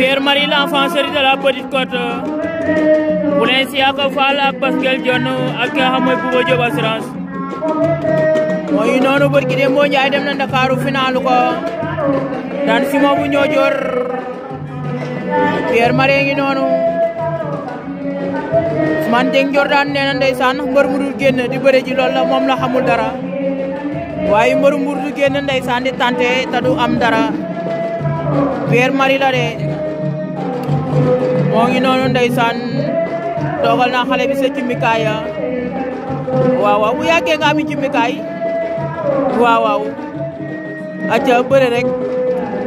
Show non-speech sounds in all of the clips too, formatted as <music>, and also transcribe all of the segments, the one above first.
Pierre Marie l'enfant chéri de la Petite Côte Boulain Siaka Fall ak Pascal Dione ak ki nga xam mooy Bouba Diop assurance mooy noonu bët gi de moo dem na Ndakaaru finaalu ko daan Simon bu Ñoojoor Pierre Marie ngi noonu man Dieng Jordan nee na ndeysaan mbër mu génn di bëre ji moom la xamul dara waaye mbër mu dul génn ndeysaan di tante te am dara Pierre Marie la de moo ngi noonu ndeysaan toogal naa xale bi sa cumikaay ya waaw waaw bu yàggee nga ami cumikaay waaw waaw acca bëre rek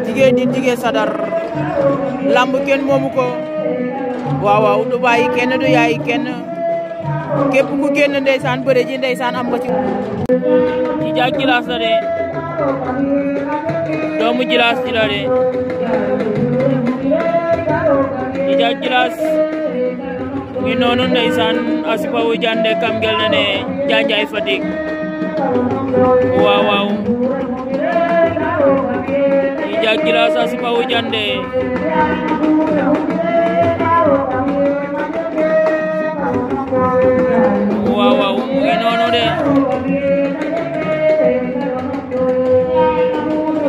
jigéen di jigéen sadar lamb kenn moomu du bàyyi kenn du yaay kenn képp ku génn ndeysaan bëre ji ndeysaan am nga ci doomu jilaas ci jaajëlaas ngi noonu ndeysaan asipa wu jande kam gel na ne jaanjaay Fatick Wow wow i jaajëlaas asipa wu jande Wow wow ngi de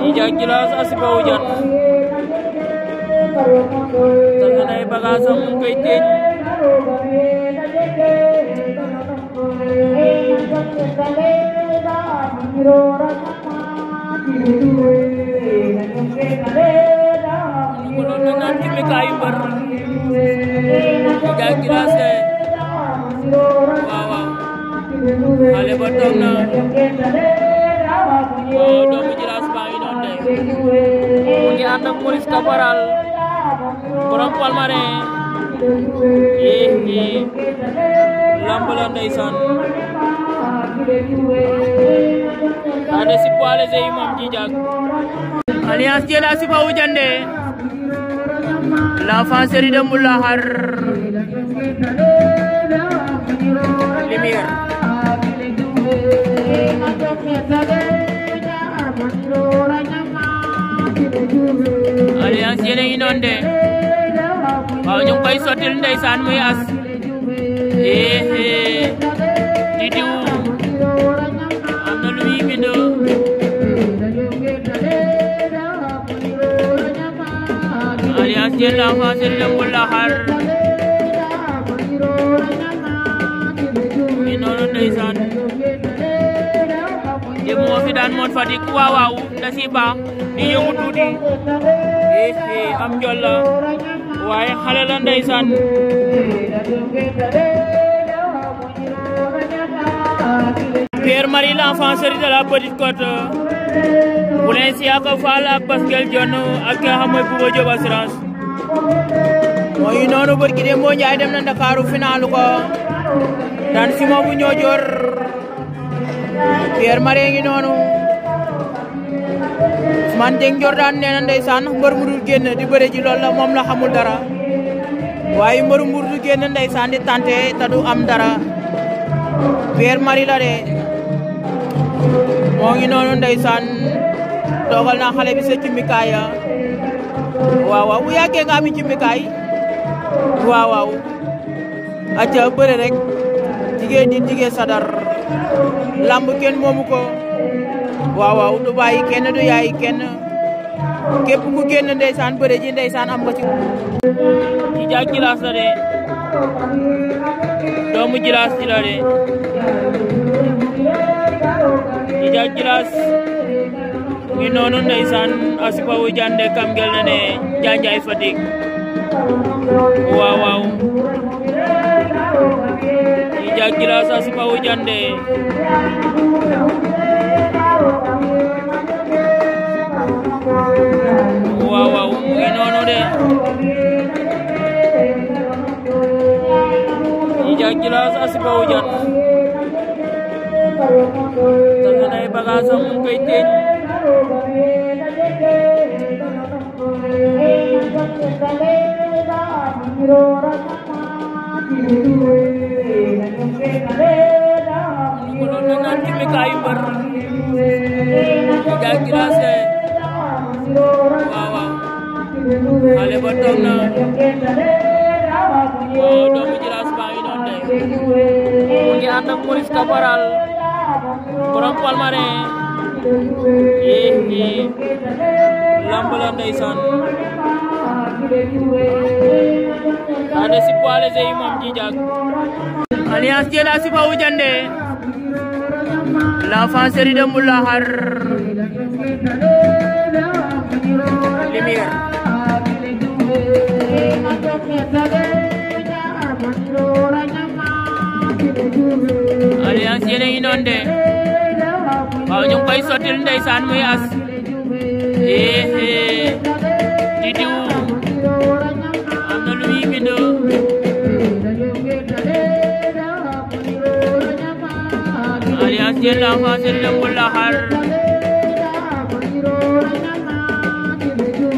i jaajëlaas asipa wu jande Tama tayo bagasa kaitin. natin may Magagilas eh. Wow, na. Wow, kaparal. Palmarin eh eh lamb la ndeysaan ande si poids léger yi moom jijaak alliance jela si bawu jande la fa série de Mboullahar lumière alliance jele yi noon de ñu ngi koy sottil ndeysaan muy as ee di diw am na lu muy bindoo alias jella fasil le wula har mi noonu ndeysaan dem moo fi daan moon Fatick waaw waaw da si baax di yëngu tuuti ee am jolla waaye xale la ndeysaan Pierre Marie l'enfant chéri de la Petite Côte Boulain Siaka Fall ak Pascal Dione ak ki nga xam mooy Bouba Diop assurance mooy noonu bët gi de moo dem na Ndakaaru finaalu ko daan Simon bu ñoo jor Pierre Marie ngi man Jordan neena ndaysan ndeysaan mudul genn di beure ji lol la mom la xamul dara waye mbëru mudul genn ndaysan di tante tado du am dara Pierre Marie la de mo ngi nonu ndaysan toogal na xale bi sa cimbikaay ya waaw waaw bu yàggee nga am cimbikaay waaw waaw acca beure rek di jigéen sadar lamb ken momuko waaw waaw du bàyyi kenn du yaay kenn képp ku génn ndeysaan bëre ji ndeysaan am nga ci. Djidiack Djilass de doomu Djilass ji la de Djidiack Djilass ngi noonu ndeysaan asipawu jande kam gel na ne Janjaay Fatick waaw waaw Djidiack Djilass asipawu jande deh Ijak jelas asba hujan Tanganai bagasa mungkaitin Menurut dengan kami kaiber Ijak jelas Bale ba toog na doomu Jilaas baa ngi noonu de mu ngi ànd ak Maurice Caporal borom Palmarin eh eh lamb la ndeysaan ada si poale ze imam jijak alias dia la si bau jande la fan seri de mulahar limir ambiance yéen a ngi noonu de waaw ñu ngi koy sottil ndeysaan muy as eh di diw am na lu muy bindoo alliance de l'enfant c'est le wulaxar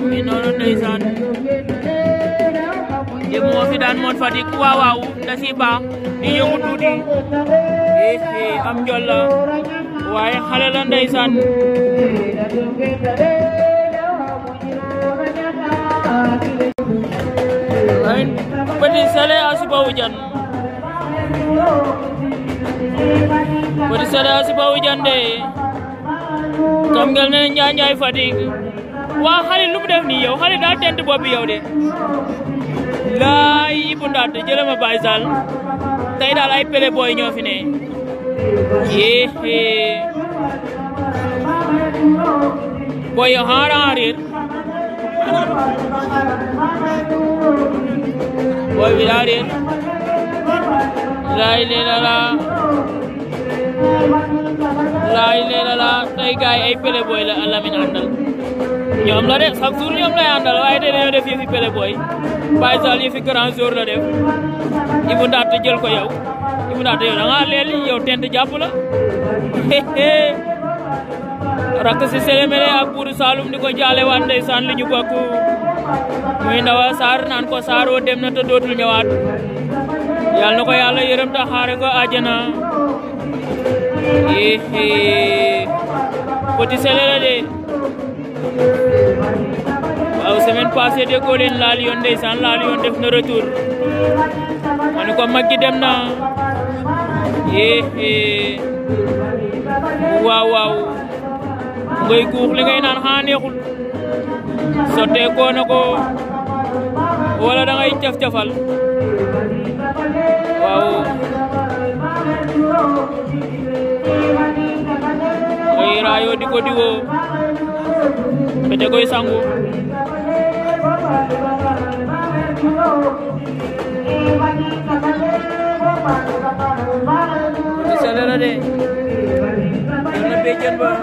mi noonu ndeysaan de moo fi daan moon Fatick waaw waaw da si baax di yëngu tuuti def fi am njool la waaye xale la ndeysaan Petit Sélé Asubawou Diane Petit Sélé Asubawou Diane de kam ngel ne Njaay Njaay Fatick waa xale lu mu def nii yow xale daa tent bopp yow de laay Ibou Ndaat jëlema Baye Sall tey daal ay pele booy ñoo ne ये है বয়হারারের বয়বিরারের লাইলেলালা লাইলেলালা তাই গায় এই পেলে বইলা আলামিন Andal ñoom la de chaque jour ñoom lay àndal waaye de dañoo def yëfi pele booy bàyyi sal yëfi grand jour la def i bu ndaat jël ko yow Muna te da nga leel yow tent jàpp la rakk si Sélémélé ak buuru Saalum di ko jaale waat ndeysaan li ñu bokk muy Ndawa Sarr naan ko Saaroo dem na te dootul ñëwaat yal na ko yàlla yërëm ta xaare ko àjjana yéé Petit Sélémélé de waaw semaine passée de góolin laal yoon ndeysaan laal yoon def na retour ko mag dem na eh waaw waaw ngay guux li ngay naan xanaa neexul sotteekoo na ko wala da ngay caf-cafal waaw ngay raayoo di ko diwoo fete koy Disalah deh. Jangan pejan bang.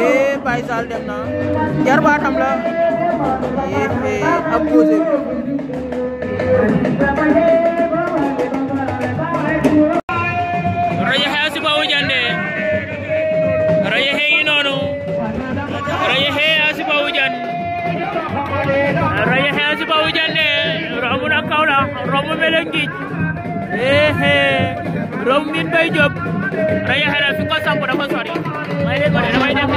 Eh, pai sal dem na. Jar baat hum la. Eh, eh, ab kuch. Maola romb melen ngiic eexe romb min bay job rajo xelal fi ko samp dafa sori may leen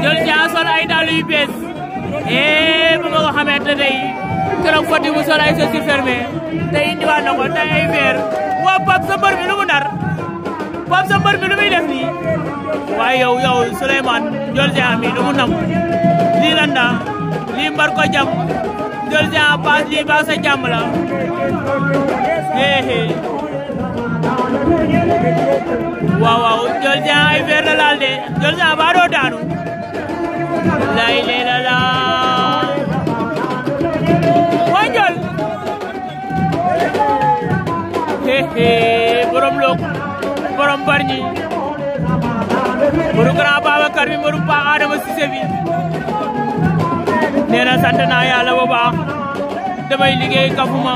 Ndiol Dia sol ay dàll yu bees et eh, bu ma ko xamee te day keroog Fatick mu sol ay chaussures fermées te indiwaat na ko te ay verre waa Pape sa mi lu nar Pape sa mi lu muy def nii waaye yow yow Souleymane Ndiol Dia mi lu mu lii lan lii mbar ko jam Ndiol Dia paas lii baax sa jàmm la hehe waaw waaw Ndiol ay verre la laal de Ndiol Dia ba doo daanu. lay leela la Wandiol hehe borom lok borom barñi mbaru grand Babacar bi mbaru Pa Adama Cissé bi nee na sant naa yàlla bu baax damay liggéey kafuma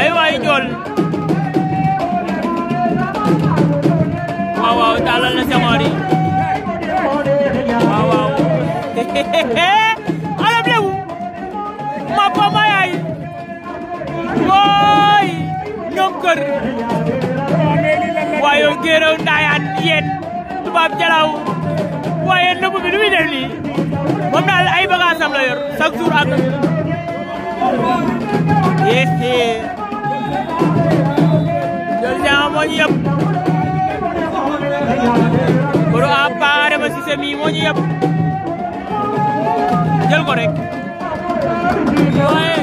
ay waay Ndiol waaw waaw na samaari ala <laughs> blewu mappa mayay way ñonkër wayo gérew ndayan yeen tubaab jalaw waye nëbb bi lu muy def lii moom daal ay bagaasam la yor chaque jour ak yeste jol jama moo jël ko rek waaye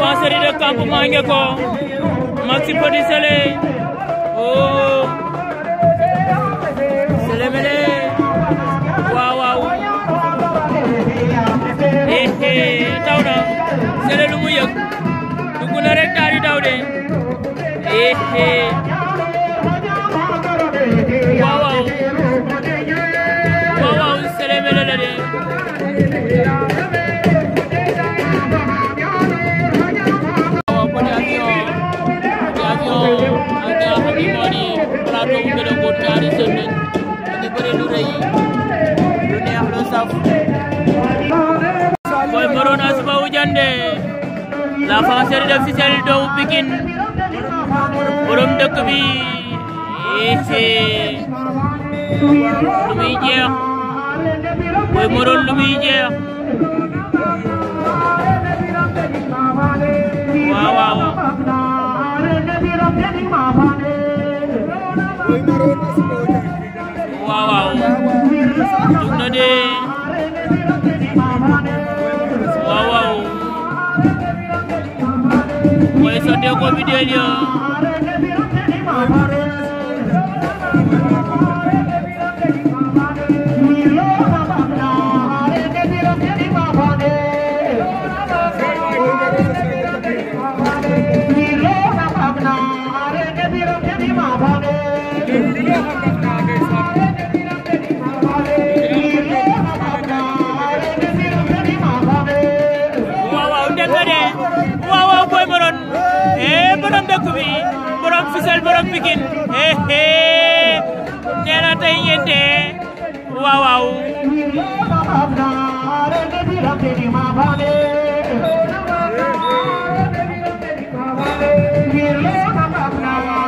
Infanterie de campement Ngeko Maxi Petit Sélé oh Sélé Mélé waaw waaw eh taw eh, na Sélé lu mu yëg dugg rek daal di daw Tapha Cherif na de video ini. dëkk bi borom Fissel borom Pikine nee na tey ngeen dee waaw waaw Yeah.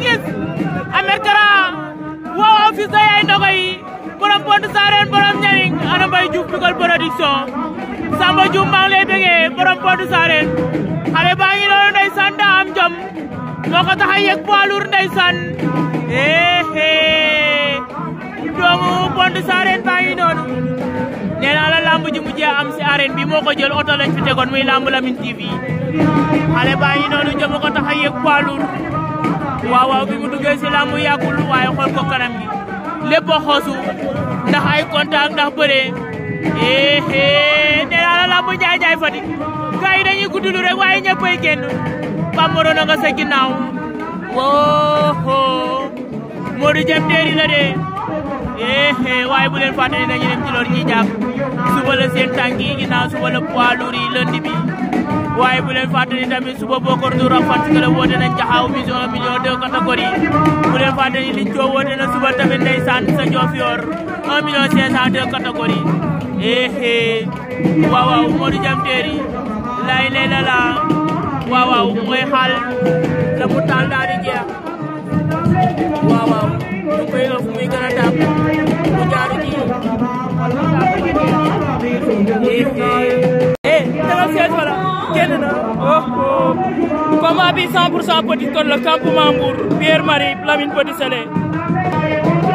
gis amerkara waaw fils de yaay ndogo yi borom pont saareen borom ñaning ana mbay juuf Bikol production samba juuf maa lay bégee borom pont saareen xale baa ngi noonu ndeysaan daa am jom moo ko tax a yëg poids lourd ndeysaan ehe eh. doomu pont saareen baa ngi noonu nee la lamb ji mujjee am si arène bi moo ko jël oto lañ fi tegoon muy lamb Lamyn TV xale baa ngi noonu jom ko tax a yëg waaw waaw bi mu duggee si làmb yàggul waaye xool ko kanam gi lépp a xoosu ndax ay ndax bëree eh eh la làmb jaay jaay Fatick gars yi dañuy waaye ñëppay génn Pamoro na nga sa ginnaaw woo Modou Diam teeri la de eh waaye bu leen fàtte ne dañuy dem ci loolu ñuy suba la seen tànk yi ginnaaw suba la poids lourd yi lundi waaye bu leen fàtte tamit suba Bokar Ndour ak Fatou Kelle woote nañ Jaxaaw vision million deux catégories bu leen fàtte suba tamit ndeysaan sa Diofior 1 million 500 deux catégories eh, eh waaw waaw Jam Téeri lay lay la la waaw waaw mooy xaal la mu taal daal di jeex waaw waaw ñu koy nga fu muy gën a tàpp mu jaaru ci eh, eh. combat bi 100 pour 100 Petit Coll la campement Mbour Pierre Marie Lamine Petit Sélé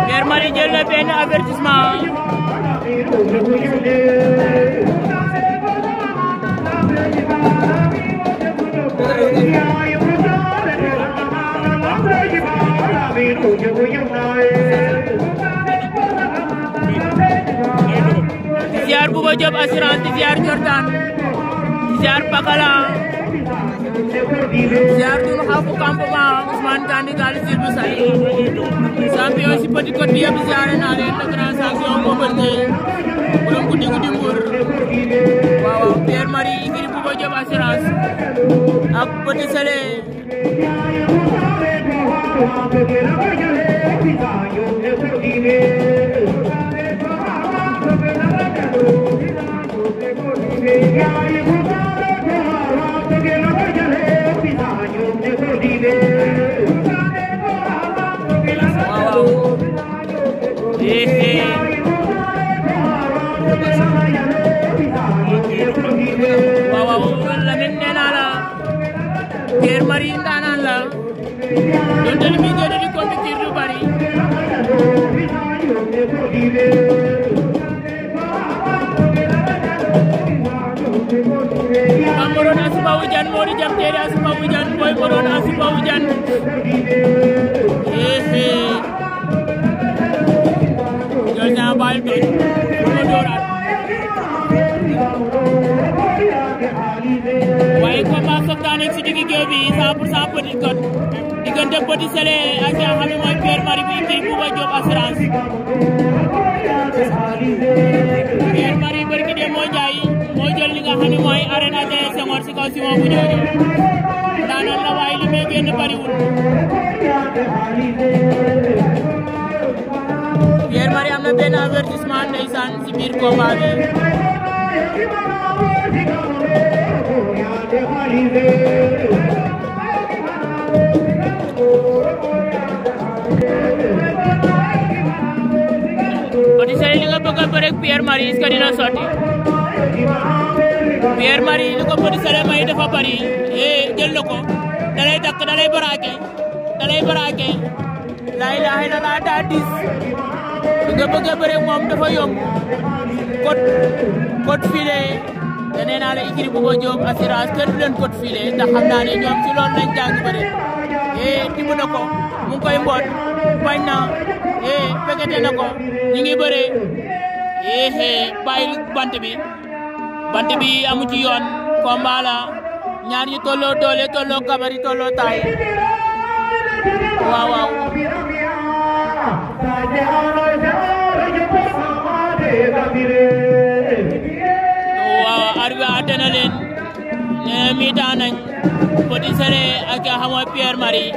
Pierre jël na benn avertissement ziar Bouba Diop assurance ziar Jordan ziar Pakala ziar tunu hafu campement Ousmane Tandi Tali Sylvie Sali champion si petit côté yëpp ziaré naa leen la grand champion Bombardier borom guddi guddi mbuur waaw waaw Pierre Marie ngir bu ba jëm assurance ak petit Sélé Yeah, you waaw waaw Lamine nee naa la Guère Marie ndaanaan la donte li muy génn di compétir du bari ma moroon Asiba Widiane moo di jam teere Asiba Widiane booy moroon Asiba Widiane Sultanek Sidiki Kyobi isaapur saapo dikot diggante Petit Sélé ak nga xam ne mooy Pierre Marie bi kii Bouba Diop assurance Pierre Marie barki de moo jaay moo jël li nga xam ne mooy arène Adrien Senghor si kaw si moom bu ñëw ndaanoon la waaye li muy génn bariwul देते हैं अवर्तिस्मान निशान शिविर को हमारे तो एक पेयर मारी इसका डिना सॉटी पेयर मारी इनको पूरी सरे मारी दफा परी ये जल लोगों डले तक डले पर आके डले पर आके लाई लाहे ला डाटिस bi nga bëgg a bëre moom dafa yomb code naa la ikiri bu ko jóob assurance kenn du leen code filet ndax ñoom ci loolu lañ jàng bëre eh na ko mu ngi koy mboot bañ na eh fekkete na ko ñu ngi bëre eh, eh bàyyi bant bi bant bi amu ci yoon combat la ñaar ñu tolloo doole tolloo kabari tolloo taay waaw waaw arbitre atte na leen nee miitaan nañ Petit Sélé ak ki nga xam mooy Pierre Marie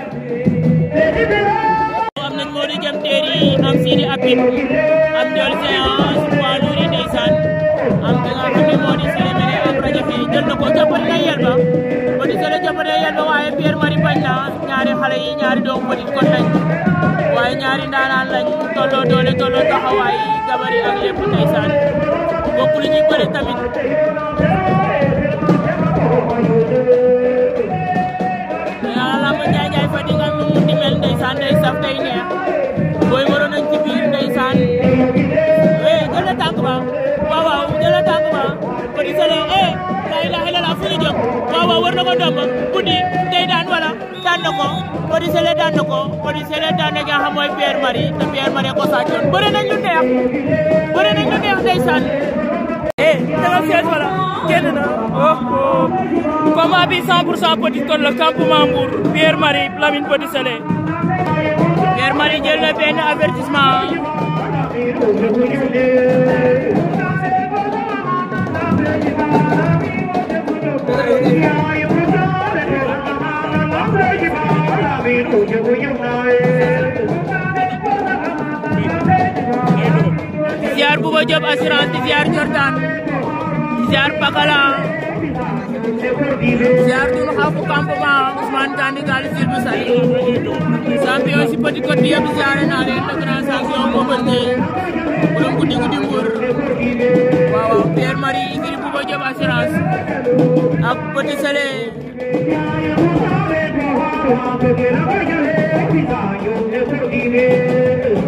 am nañ moo di jëm teeri am Sidi Apit am Ndiol Séance waa Nouri ndeysaan am ki nga xam ne moo di Sélé Mélé ak rajo fi jël na ko jàppal na yel ba daanee yelba waaye Pierre Marie bañ na ñaari xale yi ñaari doomu petit kon waaye ñaari ndaanaan lañ tolloo doole tolloo taxawaay gabari ak lépp ndeysaan bokk lu ñuy bëre tamit yàlla la ma ñaay ñaay fa di nga nu mu di mel ndeysaan day saf day neex na ko ndomb guddi day daan wala daan na ko Body Sélé daan na ko Body Sélé daan na nga xam mooy Pierre Marie te Pierre Marie ko sàccoon bëre nañ lu neex bëre nañ lu neex ndeysaan eh danga seet wala génn na oh, oh. combat bi 100 pour cent Petit Colle la campement Mbour Pierre Marie Lamine Body Sélé Pierre Marie jël na benn avertissement Demba Diop assurance di ziar Jordan di ziar Pakala ziar Dulu Xafu campement Ousmane Tandi Gali Sylvie Saly champion si Petite Côte yëpp ziare naa leen le grand champion moo bënte borom guddi guddi Mbour waaw waaw Pierre Marie ngir Bouba Diop assurance ak Petit Sele Thank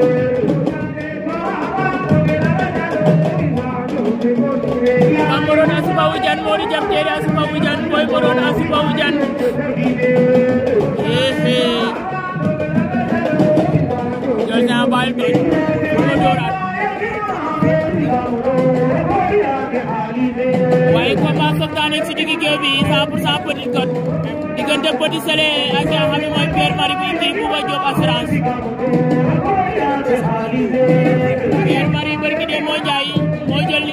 sipa hujan mau di jam tiada sipa hujan boy corona sipa hujan hehe jangan abal bin corona Baik bapak Sultan Eksitiki Gelbi, Sapur Sapur Ikut Digantar Poti Sele, Akhir Hami Mai Biar Mari Binti Buba Job Asras Biar Mari Berkide Mojai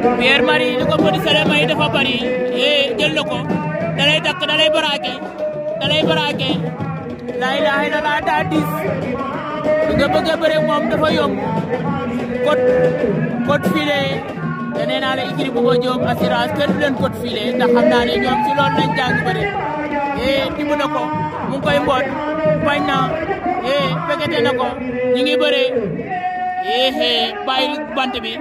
Pierre Marie li ko Petit Sélé may dafa bari jël na ko da dakk da lay baraake da lay baraake lay laay la laa daa diis li nga bëgg a bëre moom dafa yomb code code filé te nee naa la ikiri bu ko jóob assurance naa ne ñoom ci loolu lañ jàng bëri eh na ko mu ngi koy mboot bañ na eh fekkete na ko ñu ngi bëre eh bàyyi bant bi.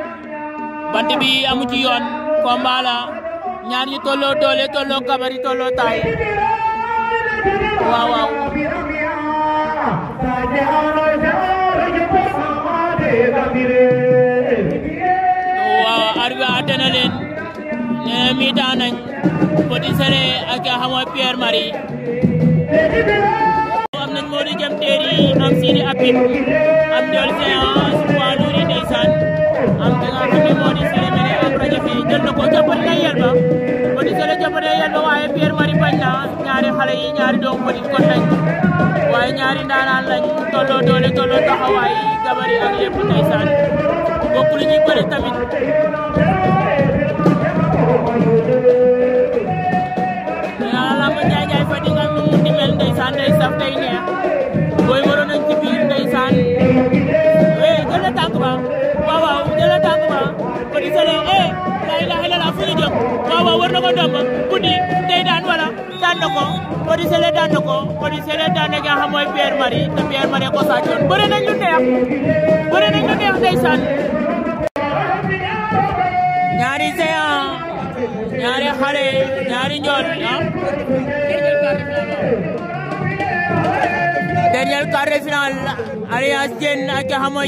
bant bi amu ci yoon combat la ñaar ñu tolloo doole tolloo kabari tolloo taay waaw waaw waaw leen nee mi taa nañ Petit Sélé ak yaa xamoo Pierre Marie nañ moo di jëm teeri am apit am jol séan li nga xam ne moo di Sélé Médé ko jàppale na yel ba ba di Sélé jàppale waaye Pierre Marie bañ na ñaari xale yi ñaari doomu bëri kon nañ waaye ñaari ndaanaan lañ tolloo doole tolloo taxawaay gabari ak lépp ndeysaan bokk lu ñuy bëri tamit yaa la ma fa di nga nu mu day saf day neex Cissé Lo eh la ilaha illallah fu ñu jëm waaw waaw war na daan wala daan na ko Cody daan na ko Cody daan na nga xam mooy Pierre Marie te Pierre Marie ko sàccoon bëre nañ lu neex bëre nañ lu neex ñaari géant ñaari xale ñaari njool ah dernier quart de finale Alliance Diène ak nga xam mooy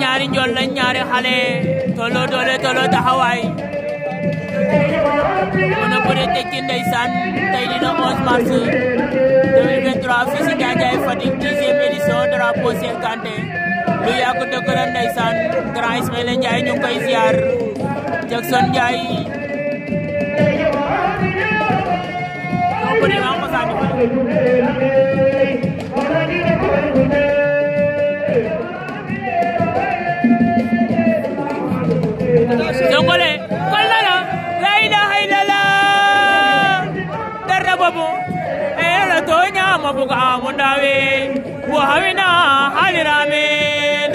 ñaari njool lañ ñaari xale tolloo doole tolloo taxawaay mën a bëre tekki ndeysaan tey dina 11 mars 2023 fii si Gandiaye Fatick dixième édition drapeau cinquante lu yàgg dëgg la ndeysaan grand Ismaïla Ndiaye ñu ngi koy ziar Jackson Ndiaye ñoo ko dina ko sànni fa Zongole kon la la la ilaha illallah dara boobu ee la tooña ma buga mu ndawe bu hawina halirame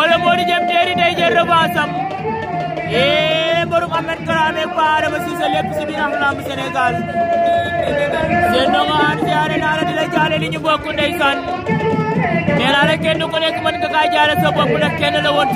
wala Modou Diam Terry day jël revanche am ee eh, borom Ahmed Karaame Pa Adama Cissé lépp si biir am lamb seen ndongo aan siyaare naa la di la jaale li ñu bokk nee naa la kenn ku nekk mën nga kaa jaale sa bopp ndax kenn la woon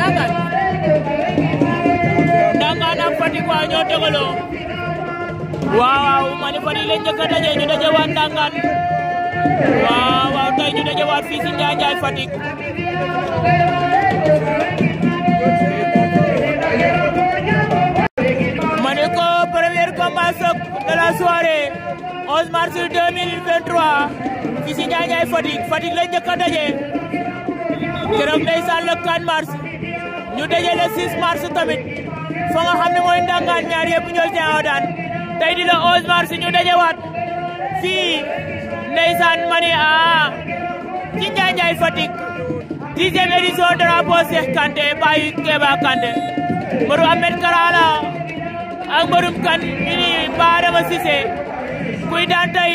Ndangaan Ndangaan ak Fatick waa ñoo tegaloo waaw Mali Fatick lañ njëkk a daje ñu daje waat Ndangaan waaw waaw tey ñu daje waat fii si Njaanjaay Fatick ma ne ko premier combat choc de la soirée 11 mars 2023 fii si Njaanjaay Fatick Fatick lañ njëkk a daje keroog ndeysaan le 4 mars ñu daje le 6 mars tamit fa nga xam mooy ndàngaan ñaar yëpp ñoo teewoo daan tey di le 11 mars ñu dajewaat fii ndeysaan ma ne ah ci Njaanjaay Fatick dixième édition drapeau Cheikh Kanté Baye Keba Kanté Modou Ahmed Karala ak Modou Kane ñu ni kuy daan tey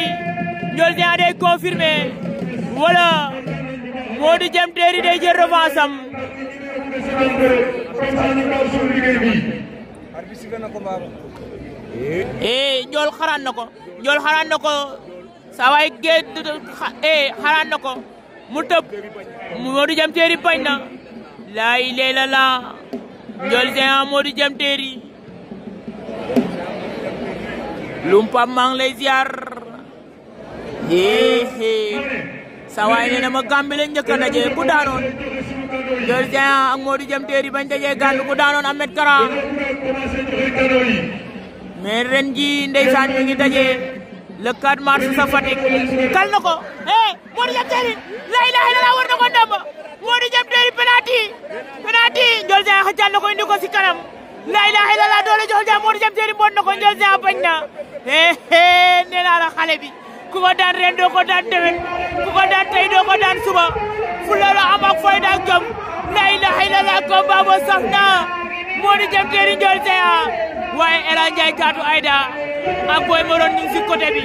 ñool ñaa day confirmé wala Modou Jam Terry day jël ne si nañ bëre comme ça ñu gaaw suñu liggéey bii. eh Ndiol xaraan na ko Ndiol xaraan na ko saa waay géej eh, mu tëb Modou Teeri bañ na laay leela la Ndiol Géant Modou Jam Teeri lumpam maa ngi lay ziar. sa i nee na ma Gàmbi lañ njëkk ku daanoon Ndiol Géant ak Modou Jëm bañ dajee Gàmbi ku daanoon Ahmed Kara mais ren ji ndeysaan ñu ngi dajee le 4 mars sa Fatick kal na ko eh Modou Jëm Téeri la war na ko ndamba Modou Jëm Téeri penalty penalty Ndiol Géant xëccaat na ko si kanam la ilaha illallah doole jox jam Modou Jëm Téeri mboot na bañ na eh, eh nee naa la xale ku ko daan ren doo ko daan déwén ku ko daan tey doo ko daan suba fulla la am ak fayda ak jom la ilaha illallah combat boo saf na moo di jëm teeri seya waaye Elhadji Ndiaye Thiatou Aida ak Boy Maron ñu ngi si côté bi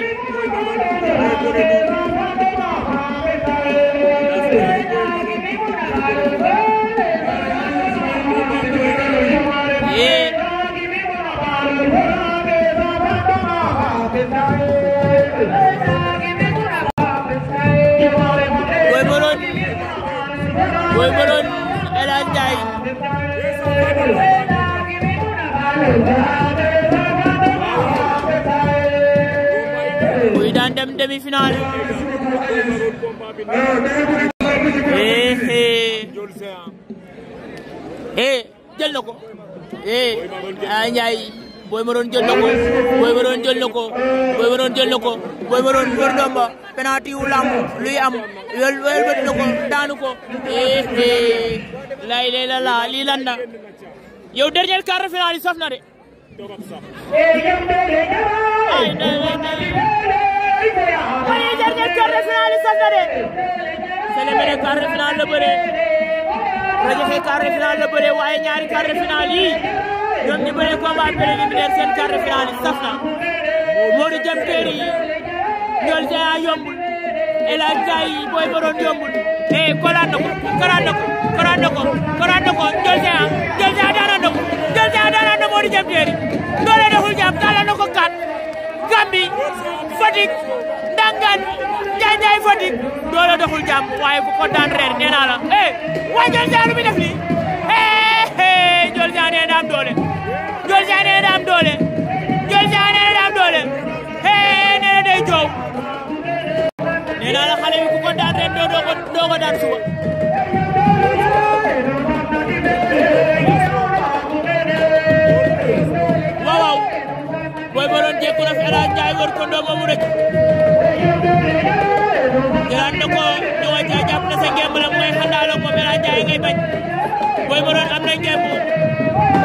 buy daan dem eh, eh. Eh, jël na ko. eh Boy Maroon jël na ko Boy Maroon jël na ko Boy Maroon jël na ko Boy Maroon wër ndomba penalty wu lamb luy am wel na ko daanu ko eh eh lay lay la la lii lan de finale yi saf na de mooy de finale yi saf la bëree Radiakhé quart de finale la ñoom ñu bëree combat préliminaire seen quart de finale saf na Modou Diam Terry ñool Jaya yombul El Hadj Ndiaye Boy Baron yombul eh kolaat na ko kolaat na ko kolaat na ko kolaat na ko ñool Jaya na ko ñool Jaya daanaan na Modou Diam Terry na ko kat Gambi Fatick Ndangan Njaay Njaay Fatick doole deful jàpp waaye bu ko daan reer nee naa la eh waa ñool Jaya lu muy def nii eh eh ñool Jaya doole. Ndiol Diagne nee na daa am doole Ndiol Diagne nee hee nee na day joow nee naa ku ko daan ren doo doo ko doo ko daan suba. waaw waaw booy ba doon jékku na fi El Hadj Ndiaye war ko doom ba mu rëcc jëlaat na ko ñëwaat jàpp na sa ngemb la mooy xandaaloo moom El Hadj Ndiaye ngay bañ booy ba doon am na ngemb.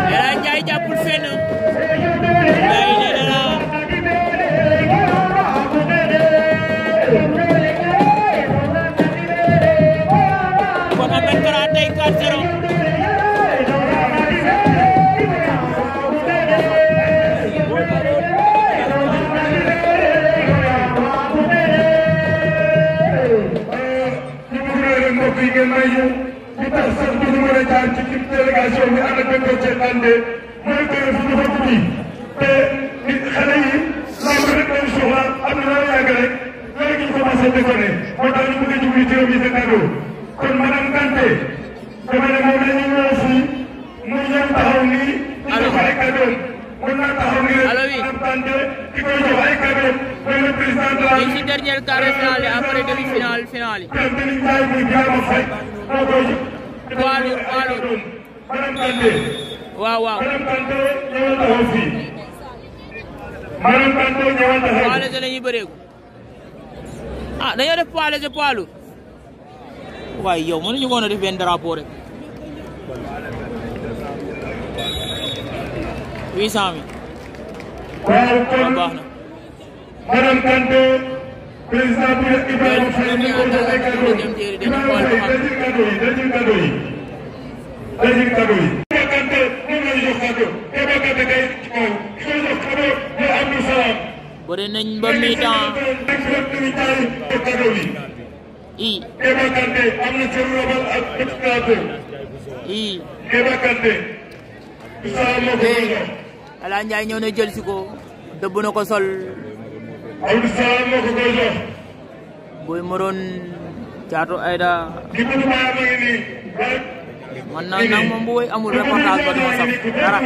Era por fin no. waxtaan ci ci délégation bi ànd ak Benno Cee àndee mën a gërëm suñu xottu bi te nit xale yi lamb rek lañ soxla am na loo yàgg rek léegi ñu commencé déconné moo tax ñu bëgg a jublu ci remise de cadeau kon madame Kanté dama ne moom la ñu ñëw fii mu ñëw taxaw nii ñu jox ay cadeau mën naa taxaw nii rek madame Kanté di koy jox ay cadeau mooy le président de la ci dernier quart de finale après demi finale finale yi. Kanté Ndiaye muy Birama Faye moo koy waalo waalo ɗum madam kante waaw waaw madam kante ñewalta ho fii madam kante ñewalta he poids léger la ñuy ah, yow mënuñu woon président bi nga Ibrahima Faye ñu ngi ko jox ay cadeau nañ ba mi temps. nekk rek ñu na cër ko jox. dëbb na ko sol. Boy Maroon Thiatou Aida man na nag moom bu woy amul reportage ba duma saf dara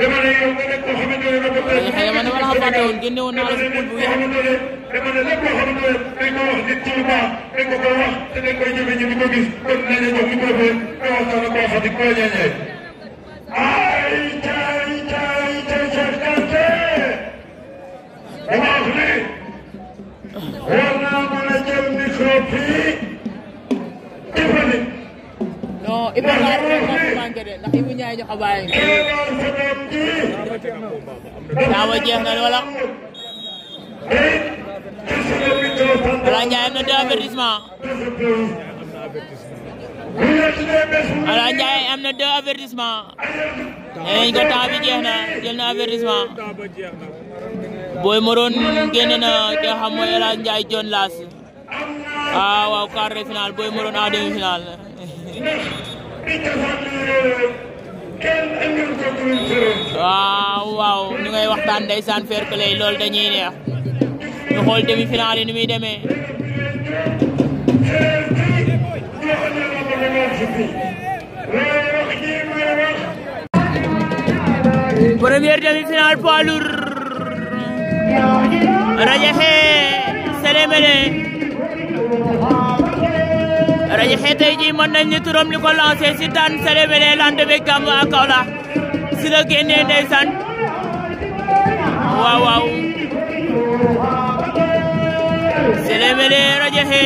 dama ne yow nga nekk koo xamante ne dafa bëri. xëy na dama la xam fàtte woon génne woon naa la si poul bu yàgg. dama ne lépp loo xamante ne dañ ko wax nit ci lu baax dañ ko ko wax te dañ koy jëfe ñu di ko gis kon nañu jox micro bi nga waxtaan ak koo xam ne koo ñeeñee. ay caay caay caay Cheikh Kanté dama wax ne war naa mën a jël micro bi jëfandikoo. non Ibou am na deux avertissement. Balla ko temps jeex na jël na avertissement. Boy Morone génn na te xam mooy El Hadj Ndiaye John Lass. ah waaw Boy Morone en demi-finale. waaw waaw ngay waxtaan ndeysaan fair play loolu dañuy neex ñu xool demi-finale yi ni muy demee première demi-finale poids lourd Radiakhé Sélémélé rajaxe tey jii mën nañ ni turam li ko lancé si daan célébré lendemain gàmmu ak Kaolack si la génnee ndeysaan waaw waaw célébré rajaxe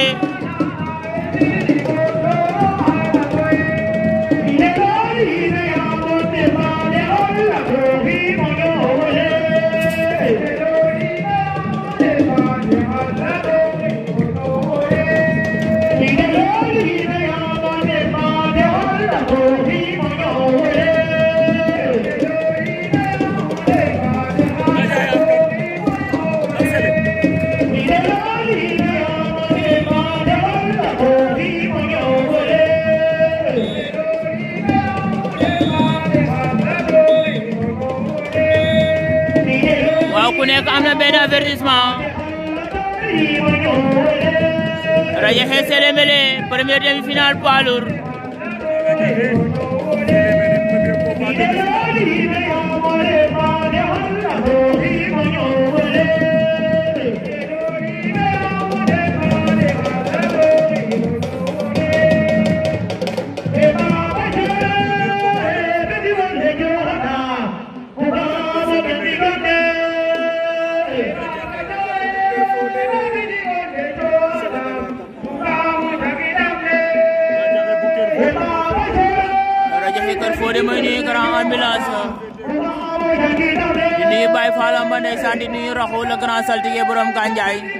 ¡Ven a ver, Isma! ¡Reyes el MLE! ¡Primer día de mi ndeysaan di nuyu raxu le grand saltige borom Gandiaye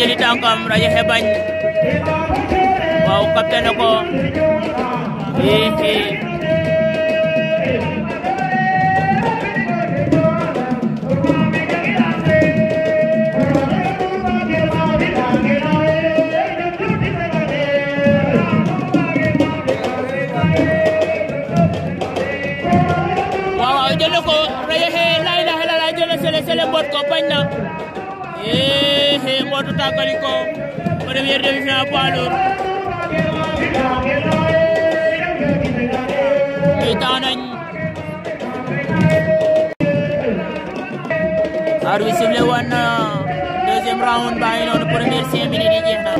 jëli tànkam rajo xebañ waaw capté na ko tàggaliko première demi-finale poids lourd itaa nañ arbitre bi sifflé woon na deuxième round baa ngi noonu première cinq minutes yi jeex na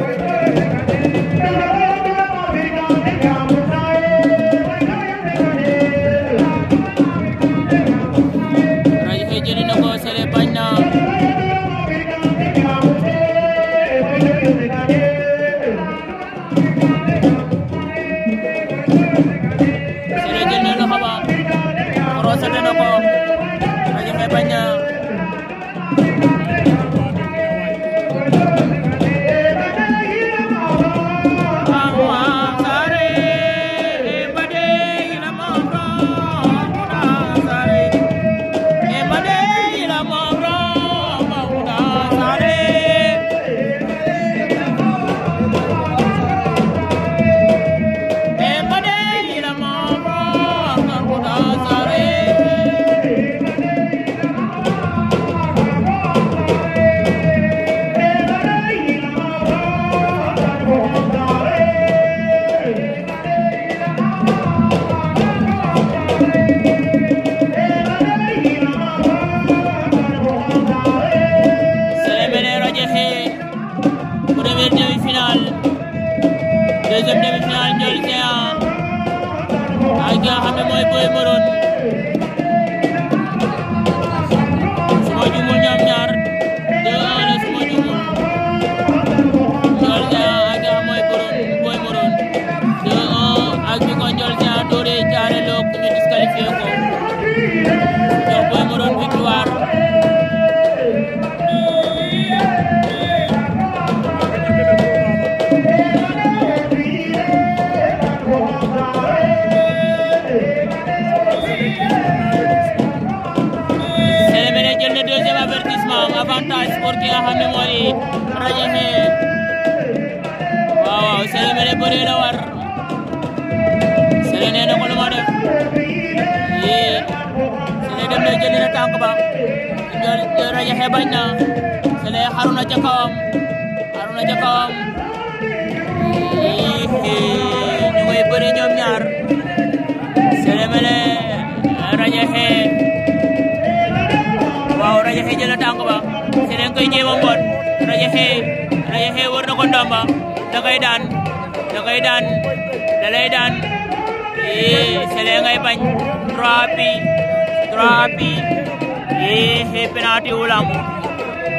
penalty ulambo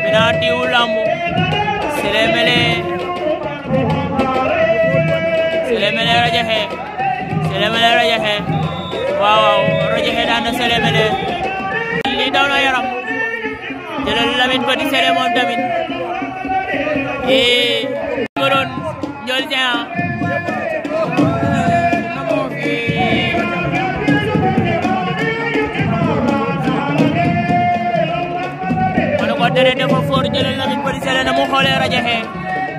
penalty ulambo selemele selemele rajaxe selemele rajaxe waaw waaw rajaxe daan na selemele li daw na yaram jëlal Lamine Petit Sélé moom tamit ee ma doon Ndiol Géant dere dafa foor jëlee la min police la mu xoolee rajo xee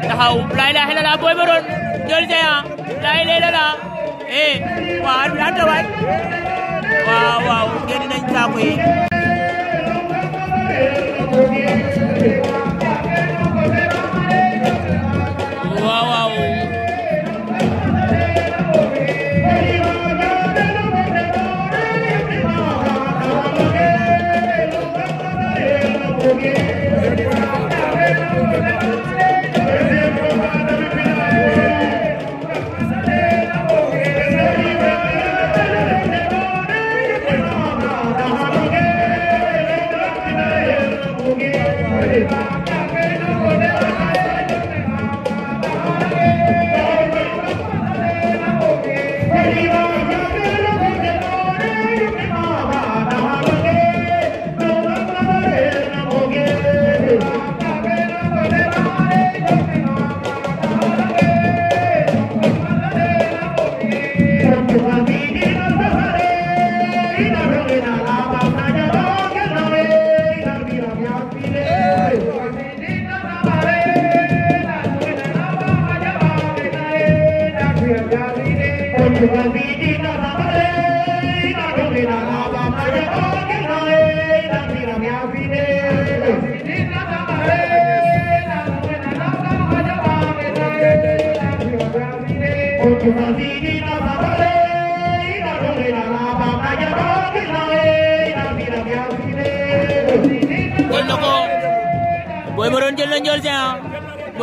taxaw laa ilaaha illallaah booy ba doon jël Géant laa ilaaha illallaah eh waaw arbitre am na waay waaw waaw génn nañ saako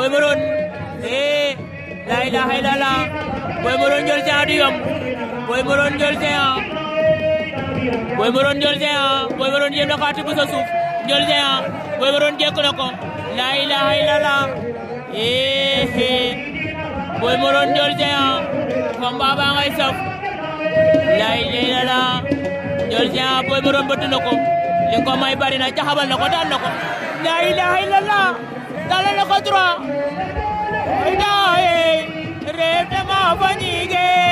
Boy Maroon eh la ilaha illallah Boy Maroon Ndiol Géant du yomb Boy Maroon Ndiol Géant Boy Boy Maroon yéen a ko ati bu sa suuf Ndiol Boy Maroon jékku na ko la ilaha illallah eh, eh. Boy Maroon la ilaha illallah Ndiol Boy Maroon bëtt na li ko may bari na jaxabal na ko daan na la ilaha illallah dalal ಮನಿಗೆ